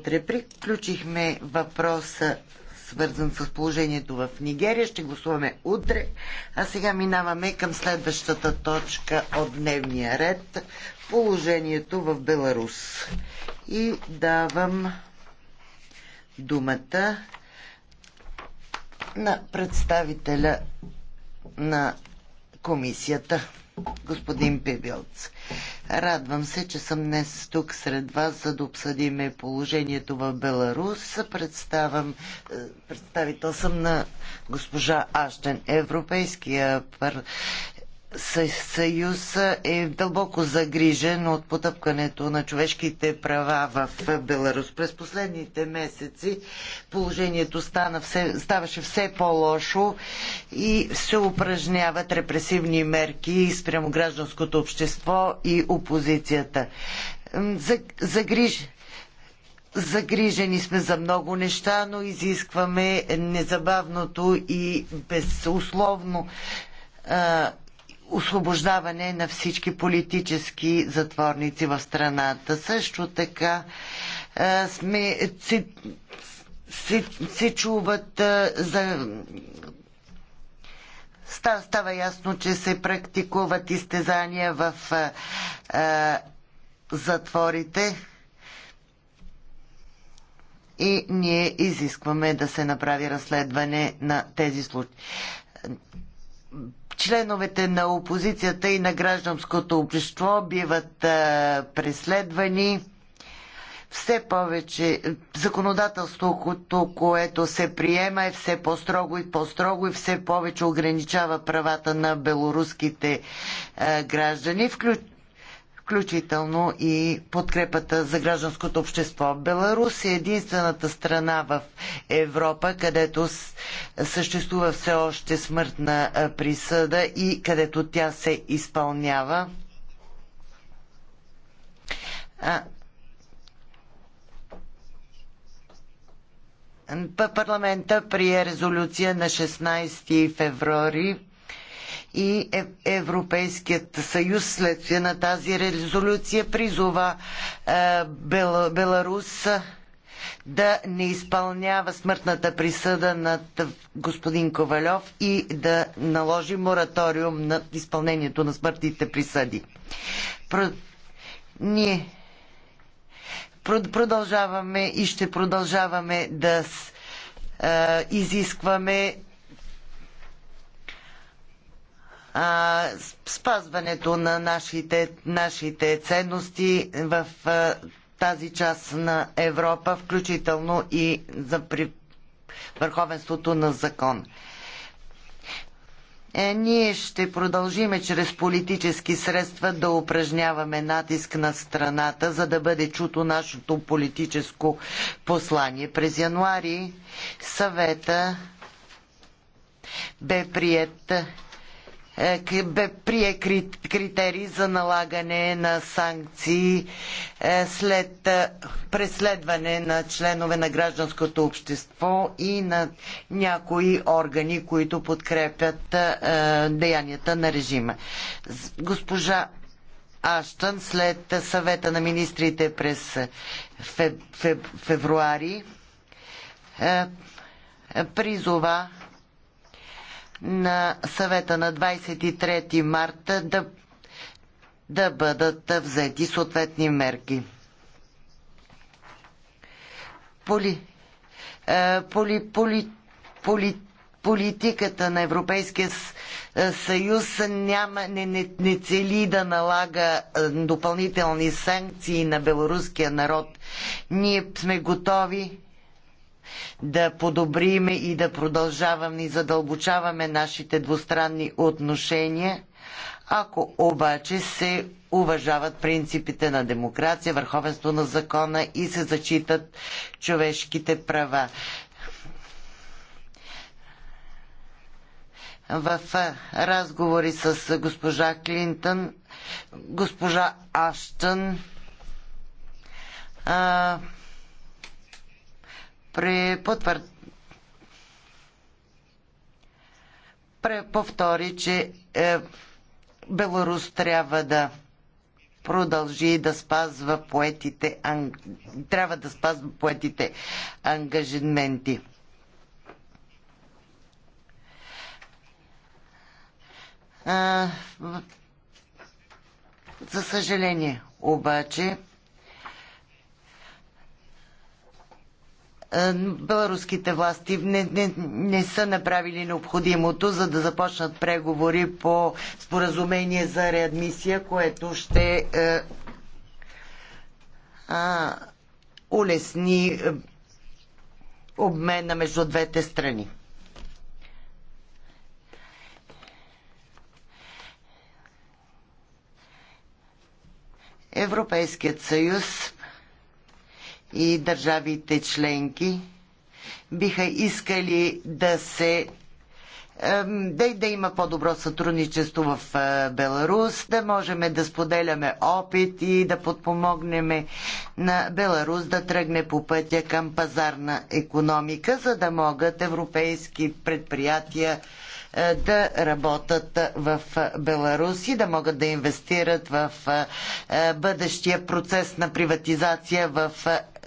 Утре приключихме въпроса свързан с положението в Нигерия. Ще гласуваме утре. А сега минаваме към следващата точка от дневния ред. Положението в Беларус. И давам думата на представителя на комисията господин Пебилц. Радвам се, че съм днес тук сред вас, за да обсъдим положението в Беларус. Представам, е, представител съм на госпожа Аштен. Европейския пар, съюз е дълбоко загрижен от потъпкането на човешките права в Беларус. През последните месеци положението стана все, ставаше все по-лошо и се упражняват репресивни мерки спрямо гражданското общество и опозицията. Загриж... Загрижени сме за много неща, но изискваме незабавното и безусловно освобождаване на всички политически затворници в страната. Също така е, сме, се, се, се чуват е, за Става ясно, че се практикуват изтезания в е, затворите и ние изискваме да се направи разследване на тези случаи членовете на опозицията и на гражданското общество биват преследвани. Все повече законодателството, което се приема е все по-строго и по-строго и все повече ограничава правата на белоруските граждани, включително включително и подкрепата за гражданското общество. Беларус е единствената страна в Европа, където съществува все още смъртна присъда и където тя се изпълнява. А... Парламента прие резолюция на 16 февруари и е- Европейският съюз следствие на тази резолюция призова е, Бел, Беларус да не изпълнява смъртната присъда над господин Ковалев и да наложи мораториум на изпълнението на смъртните присъди. Про... Ние продължаваме и ще продължаваме да е, изискваме а, спазването на нашите, нашите ценности в а, тази част на Европа, включително и за при върховенството на закон. Е, ние ще продължиме чрез политически средства да упражняваме натиск на страната, за да бъде чуто нашето политическо послание. През януари съвета бе прият е, бе прие критерии за налагане на санкции е, след е, преследване на членове на гражданското общество и на някои органи, които подкрепят деянията на режима. Госпожа Аштън след съвета на министрите през февруари призова на съвета на 23 марта да, да бъдат взети съответни мерки. Поли, е, поли, поли, поли, политиката на Европейския е, съюз няма, не, не, не цели да налага е, допълнителни санкции на белоруския народ. Ние сме готови да подобрим и да продължаваме и задълбочаваме нашите двустранни отношения, ако обаче се уважават принципите на демокрация, върховенство на закона и се зачитат човешките права. в разговори с госпожа Клинтън, госпожа Аштън а, препотвър... преповтори, че е, Беларус трябва да продължи да спазва поетите, анг... трябва да спазва поетите ангажименти. А, е, за съжаление, обаче, Е, беларуските власти не, не, не са направили необходимото, за да започнат преговори по споразумение за реадмисия, което ще е, а, улесни е, обмена между двете страни. Европейският съюз и държавите членки биха искали да се да, да има по-добро сътрудничество в е, Беларус, да можем да споделяме опит и да подпомогнем на Беларус да тръгне по пътя към пазарна економика, за да могат европейски предприятия е, да работят в е, Беларус и да могат да инвестират в бъдещия процес на приватизация в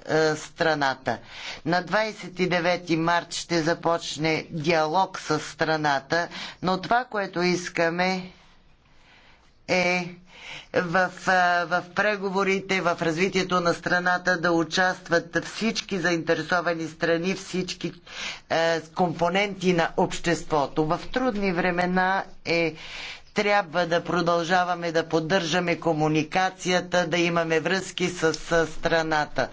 е, страната. На 29 март ще започне диалог с страната, но това, което искаме е в, е, в преговорите, в развитието на страната да участват всички заинтересовани страни, всички е, компоненти на обществото. В трудни времена е трябва да продължаваме да поддържаме комуникацията, да имаме връзки с, с страната.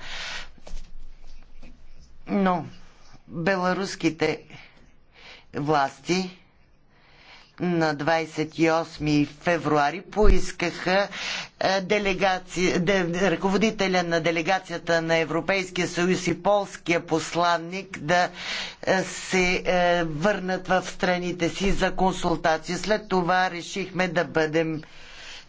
Но беларуските власти на 28 февруари поискаха е, делегация, де, ръководителя на делегацията на Европейския съюз и полския посланник да е, се е, върнат в страните си за консултация. След това решихме да бъдем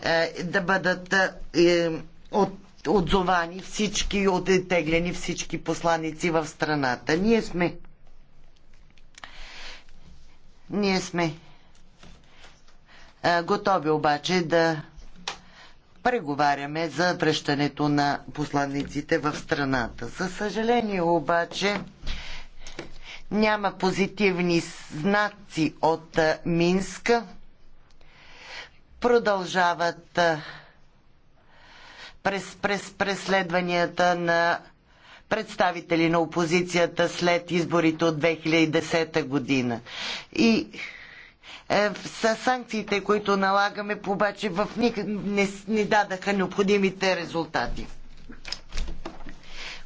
е, да бъдат е, е, от отзовани всички, отеглени всички посланици в страната. Ние сме ние сме готови обаче да преговаряме за връщането на посланниците в страната. За съжаление обаче няма позитивни знаци от Минска. Продължават през, през преследванията на представители на опозицията след изборите от 2010 година. И е, са санкциите, които налагаме, обаче в ник не, не дадаха необходимите резултати.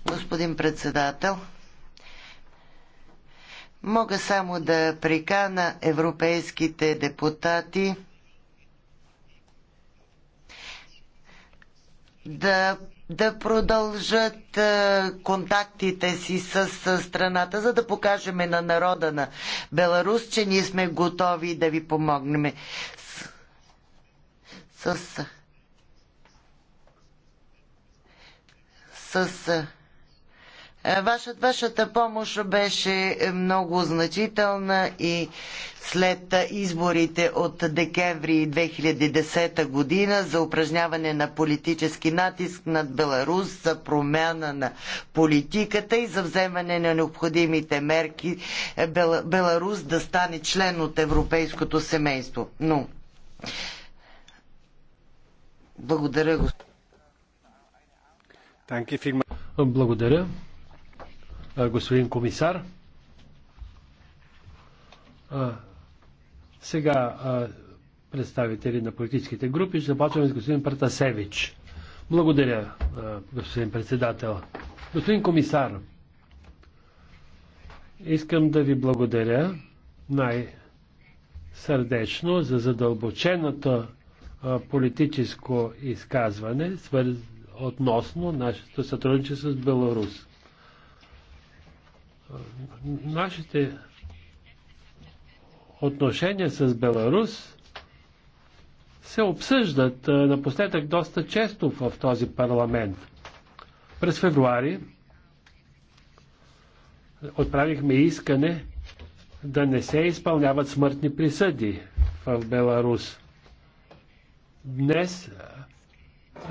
Господин председател, мога само да прикана европейските депутати да да продължат контактите си с страната, за да покажем на народа на Беларус, че ние сме готови да ви помогнем. С. С. с е, вашата, вашата помощ беше много значителна и след изборите от декември 2010 година за упражняване на политически натиск над Беларус, за промяна на политиката и за вземане на необходимите мерки е, Беларус да стане член от европейското семейство. Но... Благодаря, господин. Благодаря господин комисар. Сега представители на политическите групи. Ще започваме с господин Пратасевич. Благодаря, господин председател. Господин комисар, искам да ви благодаря най-сърдечно за задълбоченото политическо изказване относно нашето сътрудничество с Беларус. Нашите отношения с Беларус се обсъждат напоследък доста често в този парламент. През февруари отправихме искане да не се изпълняват смъртни присъди в Беларус. Днес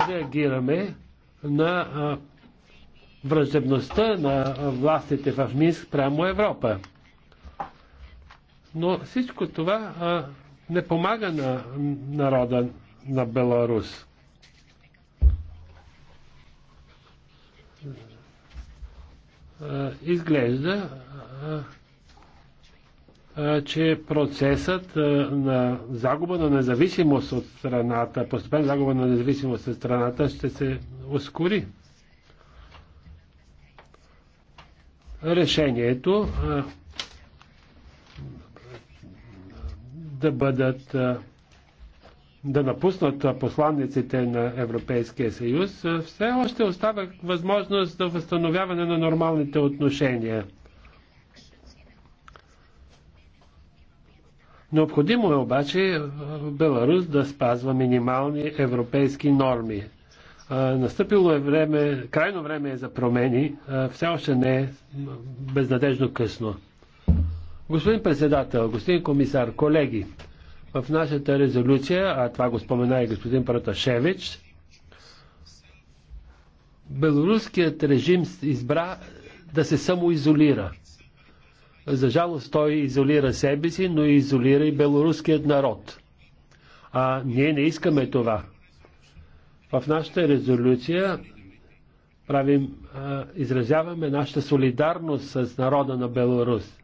реагираме на враждебността на властите в Минск прямо Европа. Но всичко това а, не помага на народа на Беларус. А, изглежда, а, че процесът на загуба на независимост от страната, постепенна загуба на независимост от страната ще се ускори. решението да бъдат да напуснат посланниците на Европейския съюз, все още остава възможност за възстановяване на нормалните отношения. Необходимо е обаче Беларус да спазва минимални европейски норми. Настъпило е време, крайно време е за промени, все още не е безнадежно късно. Господин председател, господин комисар, колеги, в нашата резолюция, а това го спомена и господин Праташевич, белоруският режим избра да се самоизолира. За жалост той изолира себе си, но изолира и белоруският народ. А ние не искаме това. В нашата резолюция правим, изразяваме нашата солидарност с народа на Беларус.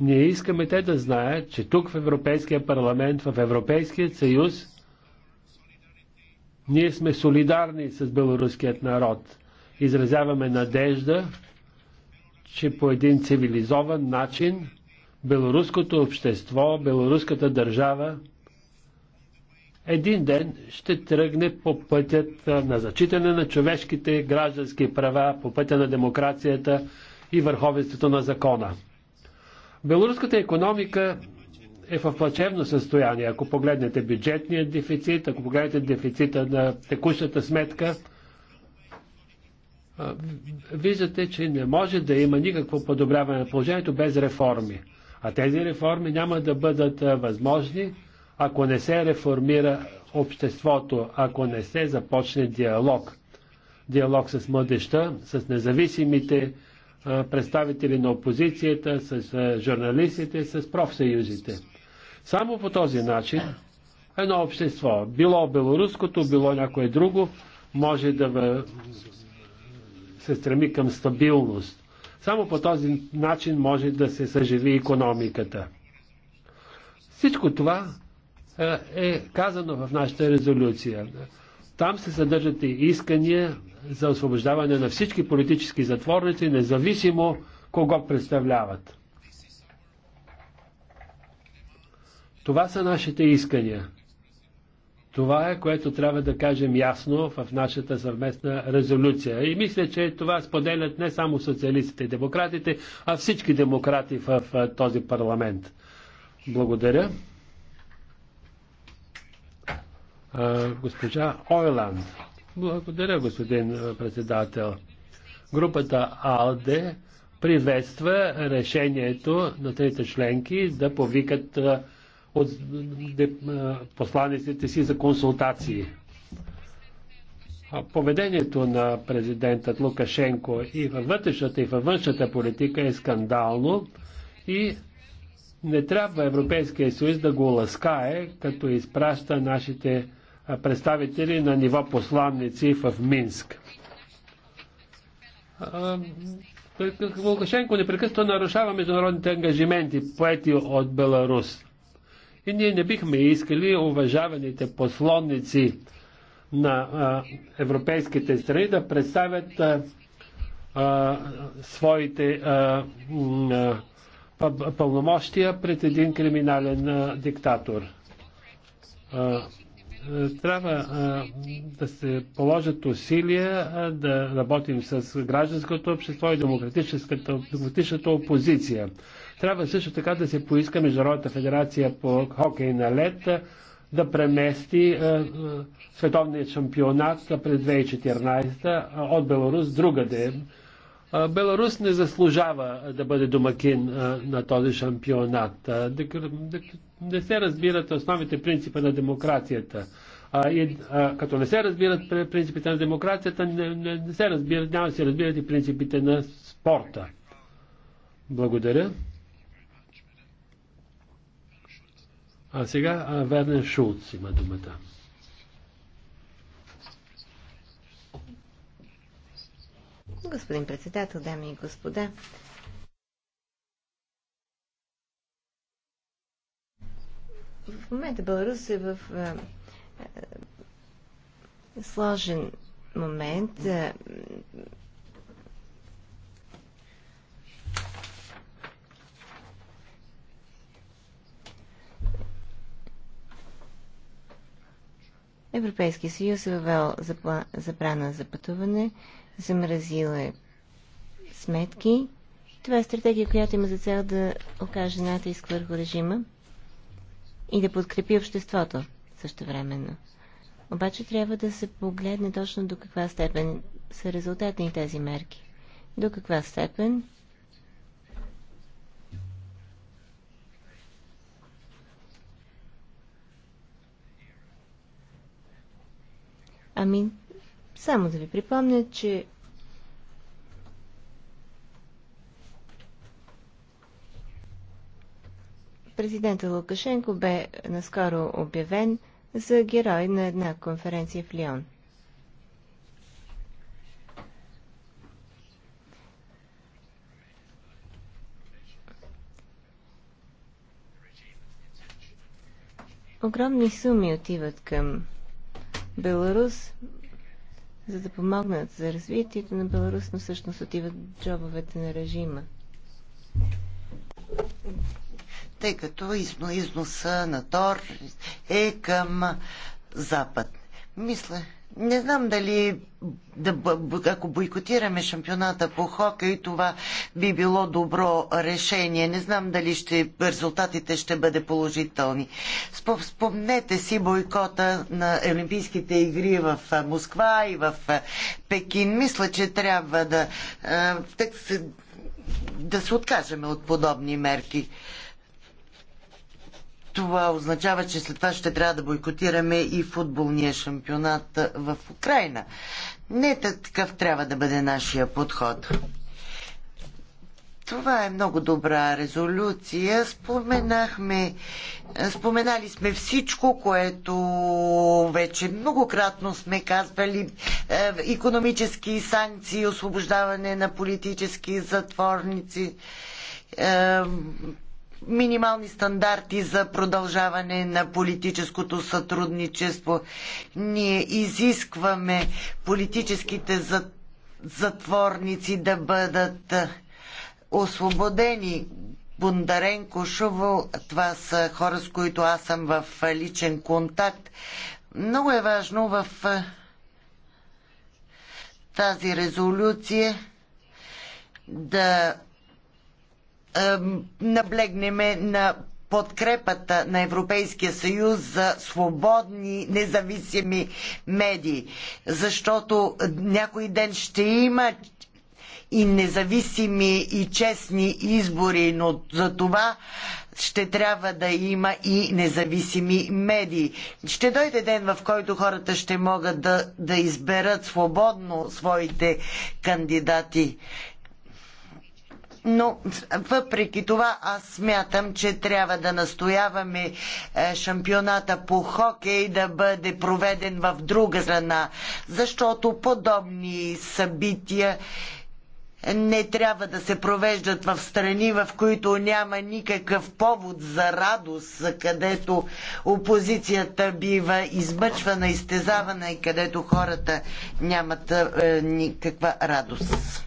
Ние искаме те да знаят, че тук в Европейския парламент, в Европейския съюз, ние сме солидарни с беларуският народ. Изразяваме надежда, че по един цивилизован начин беларуското общество, беларуската държава един ден ще тръгне по пътят на зачитане на човешките граждански права, по пътя на демокрацията и върховенството на закона. Белоруската економика е в плачевно състояние. Ако погледнете бюджетния дефицит, ако погледнете дефицита на текущата сметка, виждате, че не може да има никакво подобряване на положението без реформи. А тези реформи няма да бъдат възможни, ако не се реформира обществото, ако не се започне диалог. Диалог с младеща, с независимите представители на опозицията, с журналистите, с профсъюзите. Само по този начин едно общество, било белоруското, било някое друго, може да се стреми към стабилност. Само по този начин може да се съживи економиката. Всичко това е, е казано в нашата резолюция. Там се съдържат и искания за освобождаване на всички политически затворници, независимо кого представляват. Това са нашите искания. Това е, което трябва да кажем ясно в нашата съвместна резолюция. И мисля, че това споделят не само социалистите и демократите, а всички демократи в този парламент. Благодаря госпожа Ойланд. Благодаря, господин председател. Групата АЛДЕ приветства решението на трите членки да повикат от посланиците си за консултации. Поведението на президентът Лукашенко и във вътрешната и във външната политика е скандално и не трябва Европейския съюз да го ласкае, като изпраща нашите представители на ниво посланници в Минск. Лукашенко непрекъснато нарушава международните ангажименти, поети от Беларус. И ние не бихме искали уважаваните послонници на а, европейските страни да представят а, а, своите а, а, пълномощия пред един криминален а, диктатор. А, трябва а, да се положат усилия а, да работим с гражданското общество и демократичната опозиция. Трябва също така да се поиска Международната федерация по хокей на лед да премести а, световния шампионат през 2014 от Беларус другаде. Беларус не заслужава да бъде домакин на този шампионат не се разбират основните принципи на демокрацията. А, и, а, като не се разбират принципите на демокрацията, не, не, не се разбират, няма да се разбират и принципите на спорта. Благодаря. А сега а, Вернен Шулц има думата. Господин председател, дами и господа, В момента Беларус е в а, а, сложен момент. А, Европейския съюз е въвел забрана за пътуване, замразил е сметки. Това е стратегия, която има за цел да окаже натиск върху режима и да подкрепи обществото същевременно. Обаче трябва да се погледне точно до каква степен са резултатни тези мерки. До каква степен Ами, само да ви припомня, че президента Лукашенко бе наскоро обявен за герой на една конференция в Лион. Огромни суми отиват към Беларус, за да помогнат за развитието на Беларус, но всъщност отиват джобовете на режима тъй като изно, износа на Тор е към Запад. Мисля, не знам дали да, ако бойкотираме шампионата по хока и това би било добро решение. Не знам дали ще, резултатите ще бъде положителни. Спомнете си бойкота на Олимпийските игри в Москва и в Пекин. Мисля, че трябва да, да се откажем от подобни мерки това означава, че след това ще трябва да бойкотираме и футболния шампионат в Украина. Не е такъв трябва да бъде нашия подход. Това е много добра резолюция. Споменахме, споменали сме всичко, което вече многократно сме казвали. Економически санкции, освобождаване на политически затворници минимални стандарти за продължаване на политическото сътрудничество. Ние изискваме политическите затворници да бъдат освободени. Бондаренко, Шуво, това са хора, с които аз съм в личен контакт. Много е важно в тази резолюция да наблегнеме на подкрепата на Европейския съюз за свободни, независими медии. Защото някой ден ще има и независими и честни избори, но за това ще трябва да има и независими медии. Ще дойде ден, в който хората ще могат да, да изберат свободно своите кандидати но въпреки това аз смятам, че трябва да настояваме е, шампионата по хокей да бъде проведен в друга страна, защото подобни събития не трябва да се провеждат в страни, в които няма никакъв повод за радост, където опозицията бива измъчвана, изтезавана и където хората нямат е, никаква радост.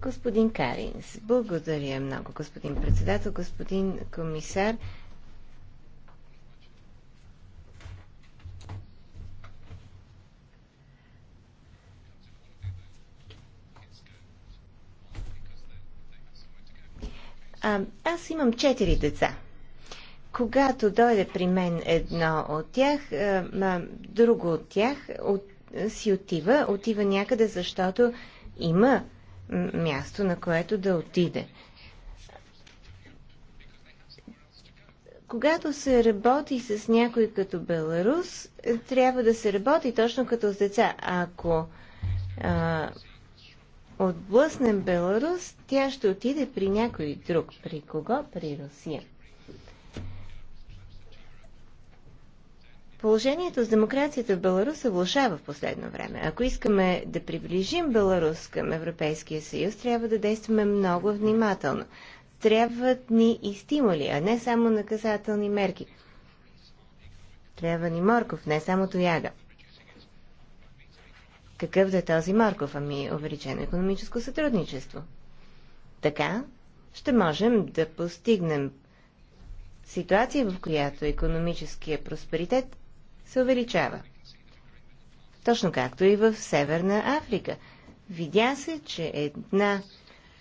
Господин Каринс, благодаря много, господин председател, господин комисар. А, аз имам четири деца. Когато дойде при мен едно от тях, а, друго от тях от, си отива, отива някъде, защото има място, на което да отиде. Когато се работи с някой като Беларус, е, трябва да се работи точно като с деца. Ако а, отблъснем Беларус, тя ще отиде при някой друг. При кого? При Русия. Положението с демокрацията в Беларус се влушава в последно време. Ако искаме да приближим Беларус към Европейския съюз, трябва да действаме много внимателно. Трябват ни и стимули, а не само наказателни мерки. Трябва ни морков, не само тояга. Какъв да е този морков? Ами увеличено економическо сътрудничество. Така ще можем да постигнем ситуация, в която економическия просперитет се увеличава. Точно както и в Северна Африка. Видя се, че една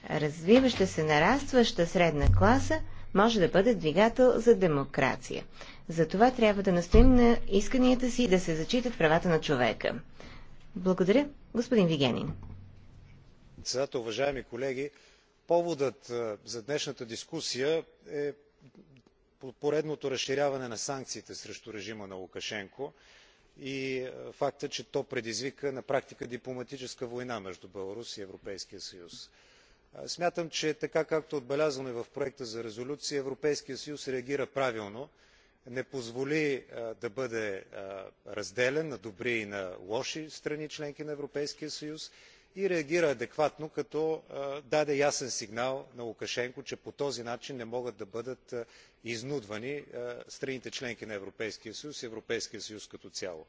развиваща се, нарастваща средна класа може да бъде двигател за демокрация. Затова трябва да настоим на исканията си да се зачитат правата на човека. Благодаря, господин Вигенин. Председател, уважаеми колеги, поводът за днешната дискусия е поредното разширяване на санкциите срещу режима на лукашенко и е, факта че то предизвика на практика дипломатическа война между беларус и европейския съюз. Е, смятам че така както е отбелязано и в проекта за резолюция европейският съюз реагира правилно не позволи е, да бъде разделян на добри и на лоши страни членки на европейския съюз и реагира адекватно като даде ясен сигнал на лукашенко че по този начин не могат да бъдат изнудвани страните членки на европейския съюз и европейският съюз като цяло.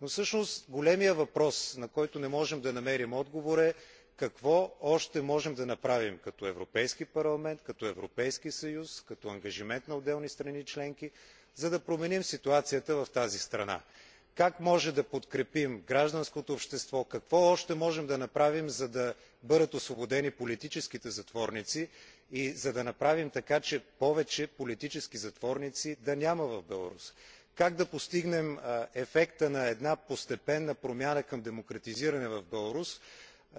но всъщност големият въпрос на който не можем да намерим отговор е какво още можем да направим като европейски парламент като европейски съюз като ангажимент на отделни страни членки за да променим ситуацията в тази страна? как можем да подкрепим гражданското общество какво още можем да направим за да бъдат освободени политическите затворници и за да направим така че повече политически затворници да няма в беларус? как да постигнем ефекта на една постепенна промяна към демократизиране в беларус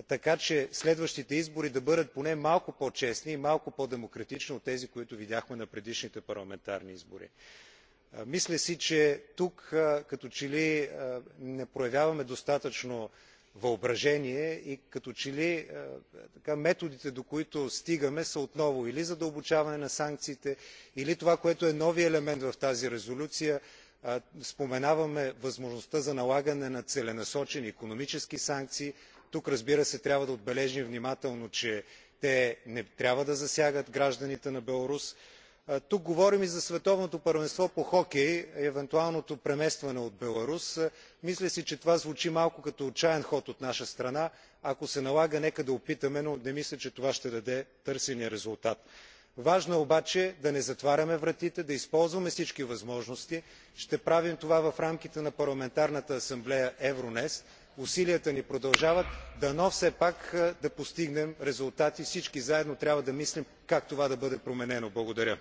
така че следващите избори да бъдат поне малко по честни и малко по демократични от тези които видяхме на предишните парламентарни избори? мисля си че тук като че ли не проявяваме достатъчно въображение и като че ли методите до които стигаме са отново или задълбочаване на санкциите или това което е новият елемент в тази резолюция споменаваме възможността за налагане на целенасочени икономически санкции. тук разбира се трябва да отбележим внимателно че те не трябва да засягат гражданите на беларус тук говорим и за световното първенство по хокей и евентуалното преместване от беларус. мисля си че това звучи малко като отчаян ход от наша страна. ако се налага нека да опитаме но не мисля че това ще даде търсения резултат. важно е обаче да не затваряме вратите да използваме всички възможности. ще правим това в рамките на парламентарната асамблея евронест. усилията ни продължават. дано все пак да постигнем резултати. всички заедно трябва да мислим как това да бъде променено. благодаря.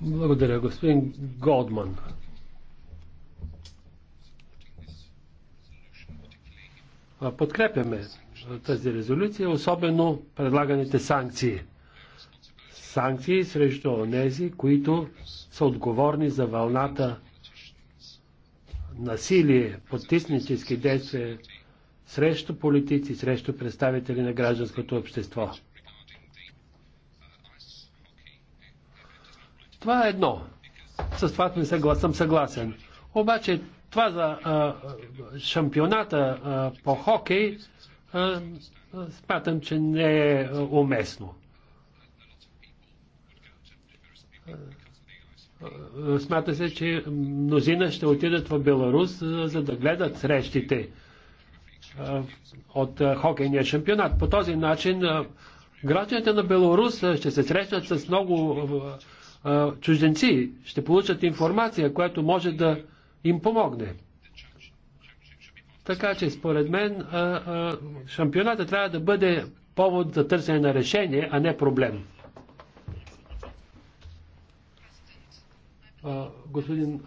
Благодаря, господин Голдман. Подкрепяме тази резолюция, особено предлаганите санкции. Санкции срещу онези, които са отговорни за вълната насилие, потиснически действия срещу политици, срещу представители на гражданското общество. Това е едно. С това не съм съгласен. Обаче това за а, шампионата а, по хокей а, смятам, че не е уместно. Смята се, че мнозина ще отидат в Беларус, за да гледат срещите от хокейния шампионат. По този начин гражданите на Беларус ще се срещат с много чужденци, ще получат информация, която може да им помогне. Така че, според мен, шампионата трябва да бъде повод за търсене на решение, а не проблем. Господин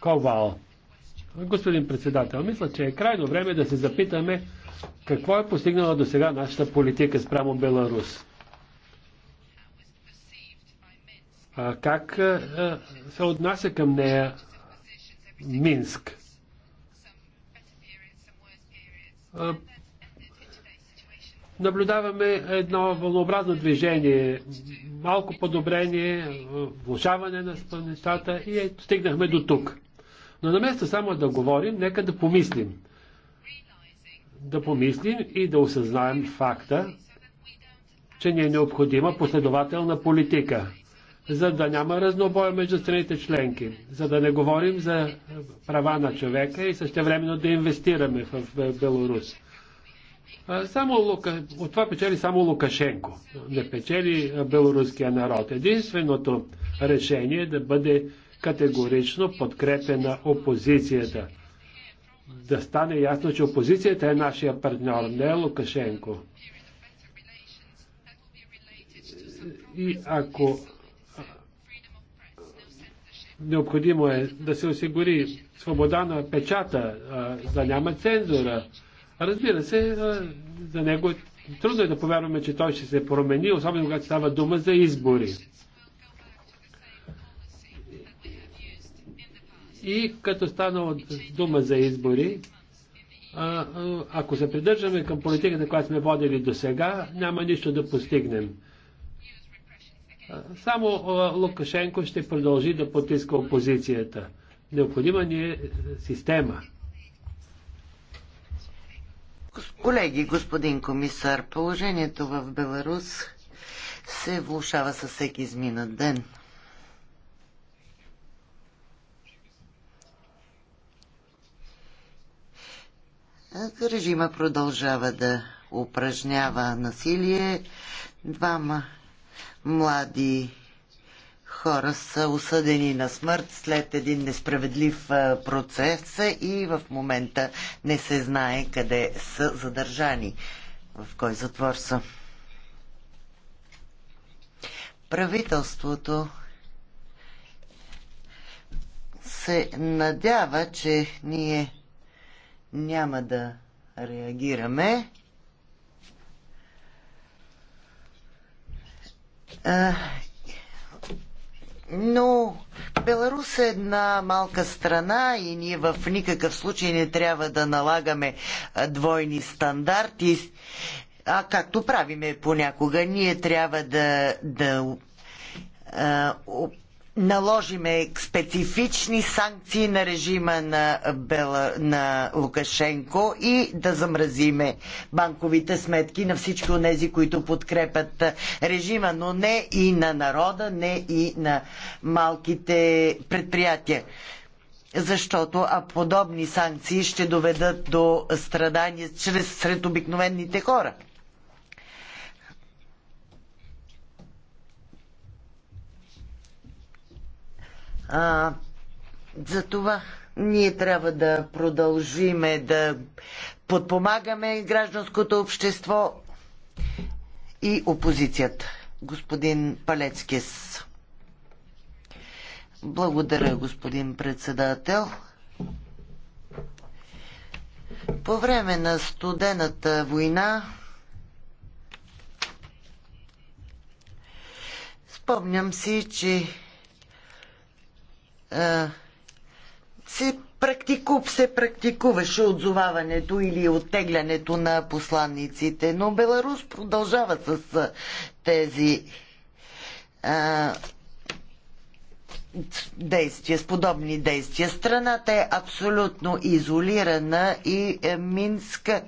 Ковал. Господин председател, мисля, че е крайно време да се запитаме какво е постигнала до сега нашата политика спрямо Беларус. А как а, се отнася към нея Минск? А, наблюдаваме едно вълнообразно движение, малко подобрение, влушаване на нещата и е, стигнахме до тук. Но наместо само да говорим, нека да помислим. Да помислим и да осъзнаем факта, че ни е необходима последователна политика, за да няма разнобоя между страните членки, за да не говорим за права на човека и същевременно да инвестираме в Беларус. Само Лука... От това печели само Лукашенко. Не печели белоруския народ. Единственото решение е да бъде категорично подкрепя на опозицията. Да стане ясно, че опозицията е нашия партньор, не е Лукашенко. И ако необходимо е да се осигури свобода на печата, да няма цензура, разбира се, за него е трудно е да повярваме, че той ще се промени, особено когато става дума за избори. И като стана дума за избори, а, ако се придържаме към политиката, която сме водили до сега, няма нищо да постигнем. Само Лукашенко ще продължи да потиска опозицията. Необходима ни е система. Колеги, господин комисар, положението в Беларус се влушава със всеки изминат ден. Режима продължава да упражнява насилие. Двама млади хора са осъдени на смърт след един несправедлив процес и в момента не се знае къде са задържани, в кой затвор са. Правителството се надява, че ние няма да реагираме. А, но Беларус е една малка страна и ние в никакъв случай не трябва да налагаме двойни стандарти. А както правиме понякога, ние трябва да, да а, наложиме специфични санкции на режима на, Бела, на Лукашенко и да замразиме банковите сметки на всички от тези, които подкрепят режима, но не и на народа, не и на малките предприятия защото а подобни санкции ще доведат до страдания чрез, сред обикновените хора. А, това ние трябва да продължиме да подпомагаме гражданското общество и опозицията. Господин Палецкис. Е Благодаря, господин председател. По време на студената война спомням си, че а, се, практику, се практикуваше отзоваването или оттеглянето на посланниците, но Беларус продължава с а, тези а, действия, с подобни действия. Страната е абсолютно изолирана и е Минска,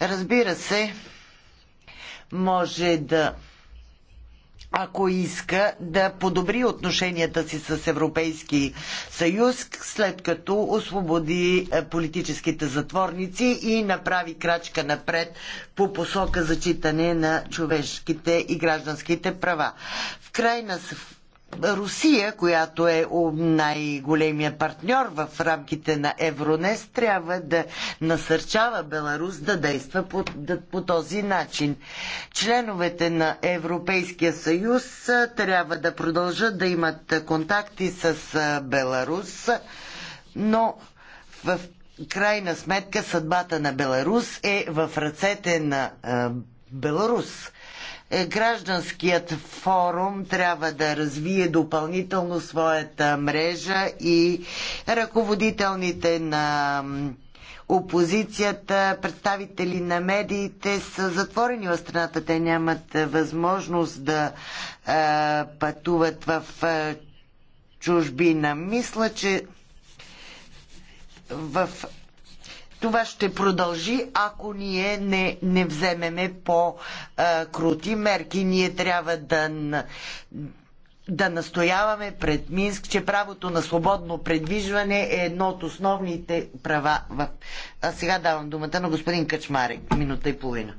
разбира се, може да ако иска да подобри отношенията си с Европейски съюз, след като освободи е, политическите затворници и направи крачка напред по посока зачитане на човешките и гражданските права. В крайна Русия, която е най-големия партньор в рамките на Евронес, трябва да насърчава Беларус да действа по, да, по този начин. Членовете на Европейския съюз трябва да продължат да имат контакти с Беларус, но в крайна сметка съдбата на Беларус е в ръцете на Беларус е, гражданският форум трябва да развие допълнително своята мрежа и ръководителните на опозицията, представители на медиите са затворени в страната. Те нямат е, възможност да е, пътуват в чужбина. Мисля, че в това ще продължи, ако ние не, не вземеме по-крути мерки. Ние трябва да, да настояваме пред Минск, че правото на свободно предвижване е едно от основните права. В... А сега давам думата на господин Качмарек. Минута и половина.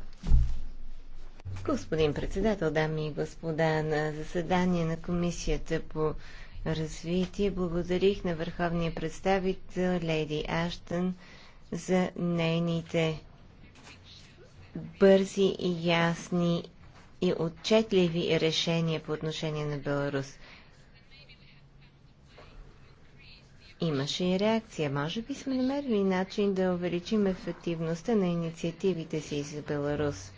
Господин председател, дами и господа, на заседание на Комисията по развитие благодарих на върховния представител Леди Аштън за нейните бързи и ясни и отчетливи решения по отношение на Беларус. Имаше и реакция. Може би сме намерили начин да увеличим ефективността на инициативите си за Беларус.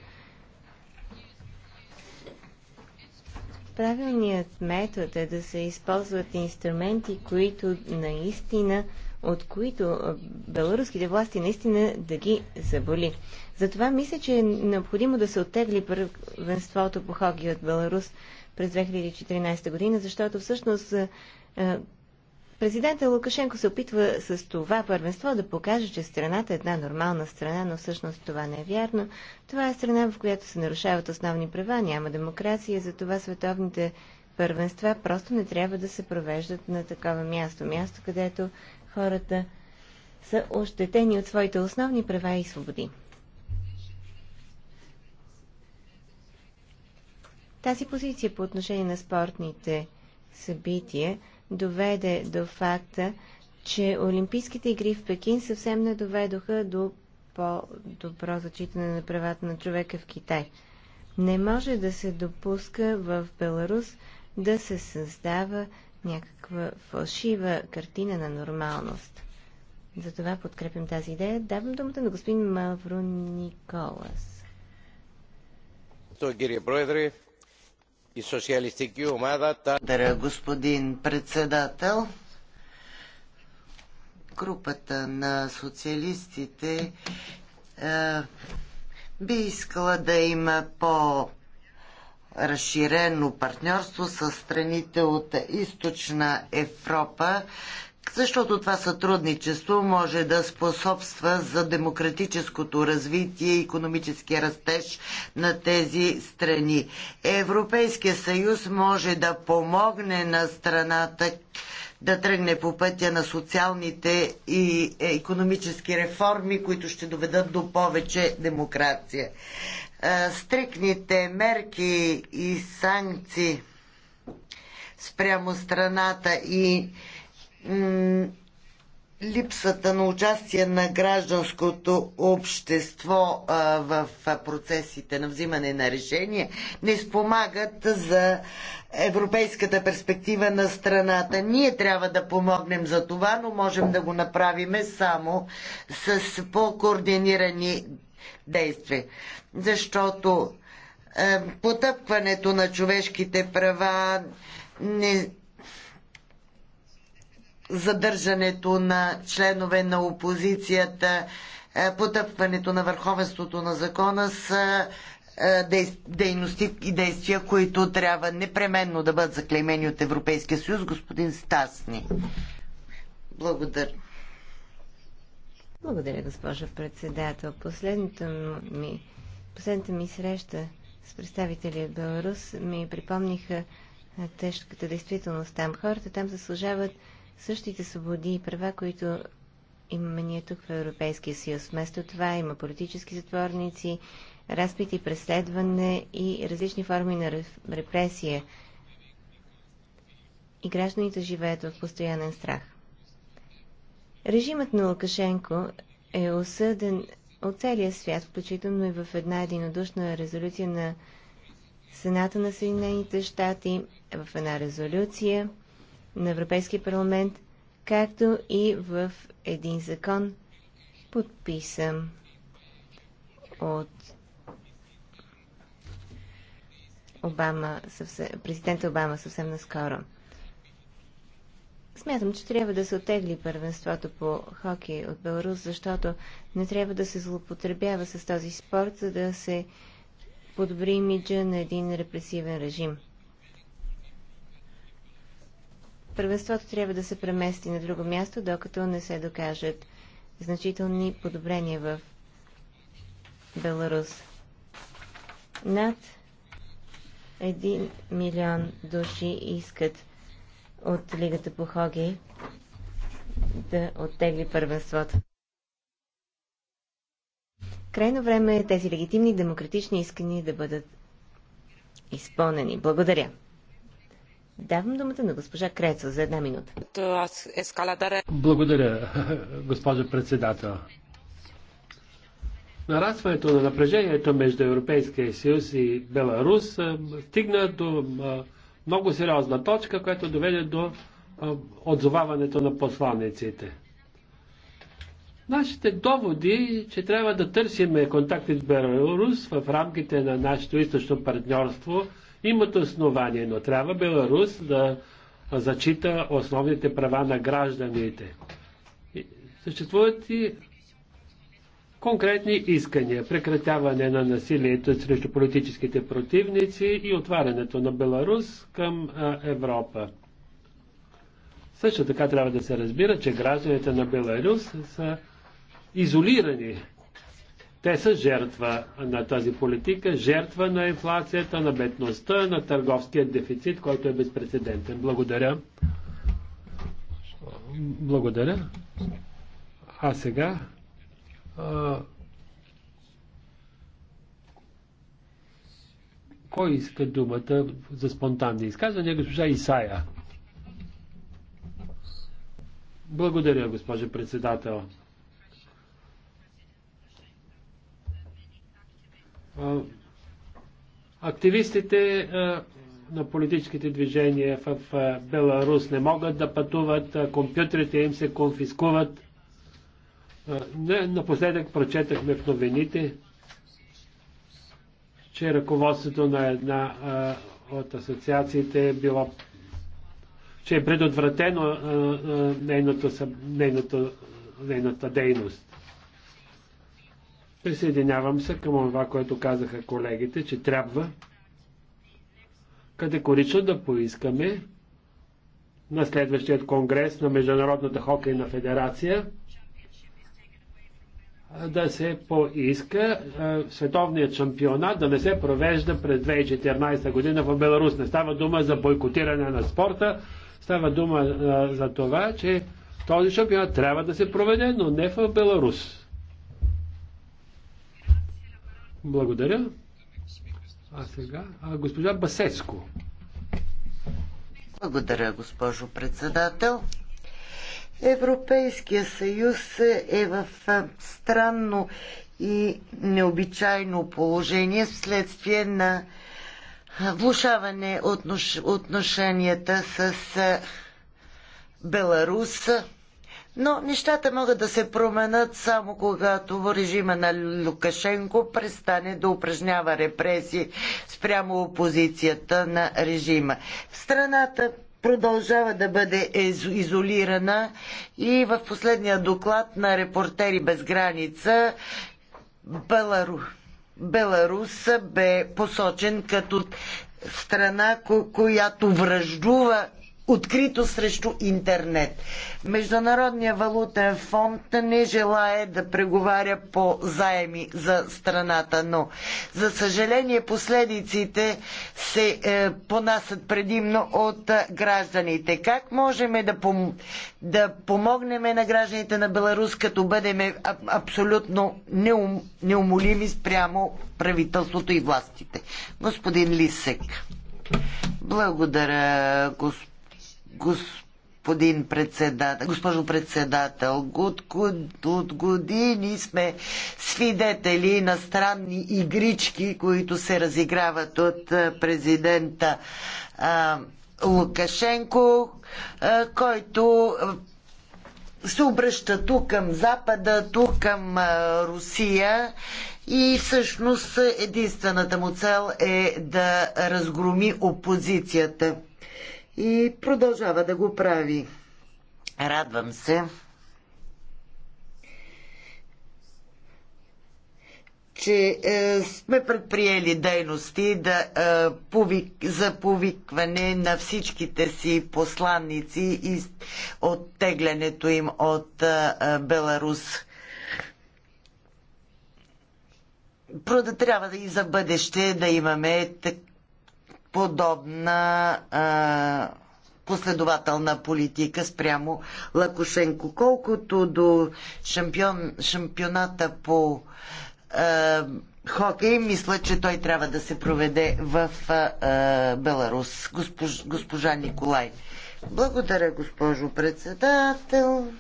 Правилният метод е да се използват инструменти, които наистина от които беларуските власти наистина да ги заболи. Затова мисля, че е необходимо да се оттегли първенството по ХОГИ от Беларус през 2014 година, защото всъщност президента Лукашенко се опитва с това първенство да покаже, че страната е една нормална страна, но всъщност това не е вярно. Това е страна, в която се нарушават основни права, няма демокрация, затова световните първенства просто не трябва да се провеждат на такова място. Място, където хората са ощетени от своите основни права и свободи. Тази позиция по отношение на спортните събития доведе до факта, че Олимпийските игри в Пекин съвсем не доведоха до по-добро зачитане на правата на човека в Китай. Не може да се допуска в Беларус да се създава някаква фалшива картина на нормалност. Затова подкрепям тази идея. Давам думата на господин Мавро Николас. Благодаря, господин председател. Групата на социалистите е, би искала да има по- разширено партньорство с страните от източна Европа, защото това сътрудничество може да способства за демократическото развитие и економическия растеж на тези страни. Европейския съюз може да помогне на страната да тръгне по пътя на социалните и економически реформи, които ще доведат до повече демокрация. Е, стрикните мерки и санкции спрямо страната и липсата на участие на гражданското общество в процесите на взимане на решения не спомагат за европейската перспектива на страната. Ние трябва да помогнем за това, но можем да го направим само с по-координирани действия. Защото е, потъпкването на човешките права, не, задържането на членове на опозицията, е, потъпкването на върховенството на закона са е, дейности и действия, които трябва непременно да бъдат заклеймени от Европейския съюз, господин Стасни. Благодаря. Благодаря, госпожа председател. Последната ми, последната ми среща с представители от Беларус ми припомниха тежката действителност там. Хората там заслужават същите свободи и права, които имаме ние тук в Европейския съюз. Вместо това има политически затворници, разпити, преследване и различни форми на репресия. И гражданите живеят в постоянен страх. Режимът на Лукашенко е осъден от целия свят, включително и в една единодушна резолюция на Сената на Съединените щати, в една резолюция на Европейския парламент, както и в един закон, подписан от Обама, президента Обама съвсем наскоро. Смятам, че трябва да се отегли първенството по хокей от Беларус, защото не трябва да се злоупотребява с този спорт, за да се подобри имиджа на един репресивен режим. Първенството трябва да се премести на друго място, докато не се докажат значителни подобрения в Беларус. Над 1 милион души искат от Лигата по хоги да оттегли първенството. Крайно време е тези легитимни демократични искания да бъдат изпълнени. Благодаря. Давам думата на госпожа Крецо за една минута. Благодаря, госпожо председател. Нарастването на напрежението между Европейския съюз и Беларус стигна до много сериозна точка, която доведе до отзоваването на посланиците. Нашите доводи, че трябва да търсиме контакти с Беларус в рамките на нашето източно партньорство, имат основание, но трябва Беларус да зачита основните права на гражданите. Съществуват и конкретни искания. Прекратяване на насилието срещу политическите противници и отварянето на Беларус към Европа. Също така трябва да се разбира, че гражданите на Беларус са изолирани. Те са жертва на тази политика, жертва на инфлацията, на бедността, на търговския дефицит, който е безпредседентен. Благодаря. Благодаря. А сега кой иска думата за спонтанни изказвания? Госпожа Исая. Благодаря, госпожа председател. Активистите на политическите движения в Беларус не могат да пътуват, компютрите им се конфискуват не, напоследък прочетахме в новините, че ръководството на една а, от асоциациите е било, че е предотвратено а, а, нейното, нейното, нейната дейност. Присъединявам се към това, което казаха колегите, че трябва категорично да поискаме на следващият конгрес на Международната хокейна федерация да се поиска е, световният шампионат да не се провежда през 2014 година в Беларус. Не става дума за бойкотиране на спорта, става дума е, за това, че този шампионат трябва да се проведе, но не в Беларус. Благодаря. А сега а госпожа Басецко. Благодаря, госпожо председател. Европейския съюз е в странно и необичайно положение вследствие на влушаване отношенията с Беларус. Но нещата могат да се променят само когато режима на Лукашенко престане да упражнява репресии спрямо опозицията на режима. В страната продължава да бъде изолирана и в последния доклад на Репортери без граница Белару... Беларус бе посочен като страна, която връждува открито срещу интернет. Международният валутен фонд не желае да преговаря по заеми за страната, но за съжаление последиците се е, понасят предимно от е, гражданите. Как можем да, пом- да помогнем на гражданите на Беларус, като бъдем е, а- абсолютно неум- неумолими спрямо правителството и властите? Господин Лисек. Благодаря, господин господин председател, госпожо председател, от, от години сме свидетели на странни игрички, които се разиграват от президента а, Лукашенко, а, който се обръща тук към Запада, тук към а, Русия и всъщност единствената му цел е да разгроми опозицията и продължава да го прави. Радвам се, че е, сме предприели дейности да, е, повик, за повикване на всичките си посланници и оттеглянето им от е, е Беларус. Прода трябва да и за бъдеще да имаме подобна а, последователна политика спрямо Лакошенко. Колкото до шампион, шампионата по а, хокей, мисля, че той трябва да се проведе в а, а, Беларус. Госпож, госпожа Николай. Благодаря, госпожо председател.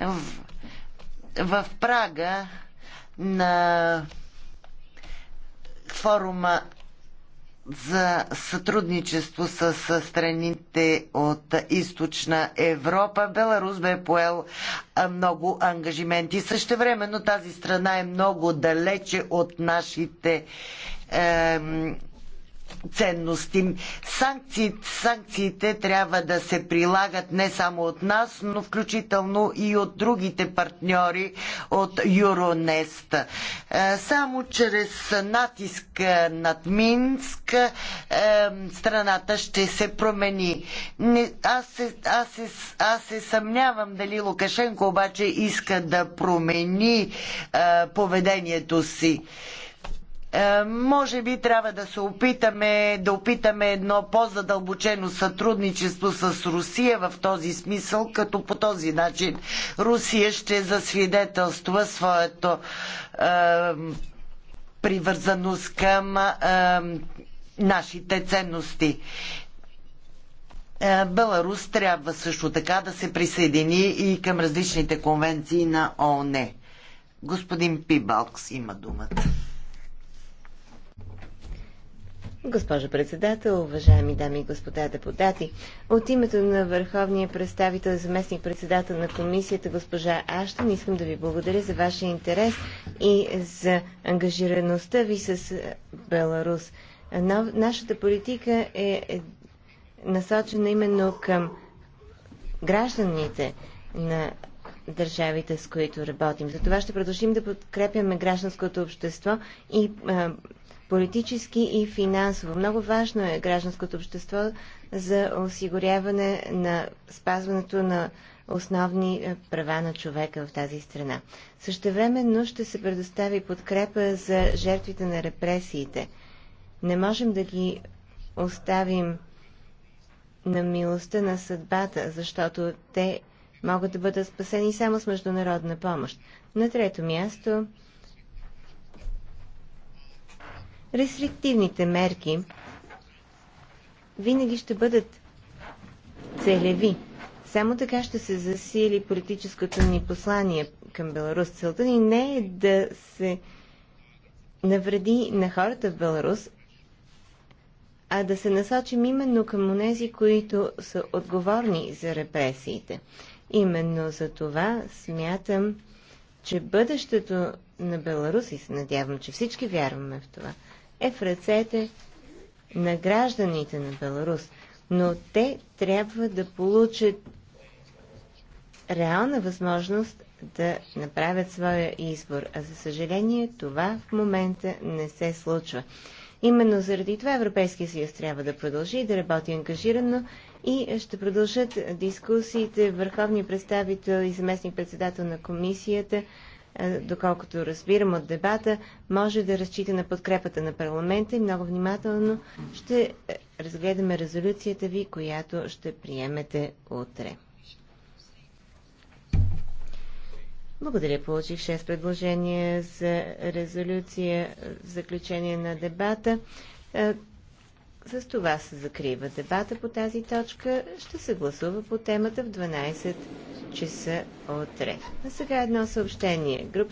В, в Прага на форума за сътрудничество с страните от източна Европа. Беларус бе поел много ангажименти. Също времено тази страна е много далече от нашите е, ценности. Санкции, санкциите трябва да се прилагат не само от нас, но включително и от другите партньори от Юронест. Е, само чрез натиск над Минск е, страната ще се промени. аз, се, аз, се, аз се съмнявам дали Лукашенко обаче иска да промени е, поведението си. Е, може би трябва да се опитаме да опитаме едно по-задълбочено сътрудничество с Русия в този смисъл, като по този начин Русия ще засвидетелства своето е, привързаност към е, нашите ценности. Е, Беларус трябва също така да се присъедини и към различните конвенции на ООН. Господин Пибалкс има думата. Госпожо председател, уважаеми дами и господа депутати, от името на върховния представител и заместник председател на комисията госпожа Аштон искам да ви благодаря за вашия интерес и за ангажираността ви с е, Беларус. Нашата политика е, е насочена именно към гражданите на държавите, с които работим. За това ще продължим да подкрепяме гражданското общество и е, политически и финансово. Много важно е гражданското общество за осигуряване на спазването на основни е, права на човека в тази страна. Същевременно ще се предостави подкрепа за жертвите на репресиите. Не можем да ги оставим на милостта на съдбата, защото те могат да бъдат спасени само с международна помощ. На трето място Рестриктивните мерки винаги ще бъдат целеви. Само така ще се засили политическото ни послание към Беларус. Целта ни не е да се навреди на хората в Беларус, а да се насочим именно към онези, които са отговорни за репресиите. Именно за това смятам, че бъдещето на Беларус, и се надявам, че всички вярваме в това, е в ръцете на гражданите на Беларус. Но те трябва да получат реална възможност да направят своя избор. А за съжаление това в момента не се случва. Именно заради това Европейския съюз трябва да продължи да работи ангажирано и ще продължат дискусиите върховни представител и заместник председател на комисията е, доколкото разбирам от дебата, може да разчита на подкрепата на парламента и много внимателно ще е, разгледаме резолюцията ви, която ще приемете утре. Благодаря. Получих 6 предложения за резолюция в заключение на дебата. Е, с това се закрива дебата по тази точка. Ще се гласува по темата в 12 часа утре. А сега едно съобщение. Група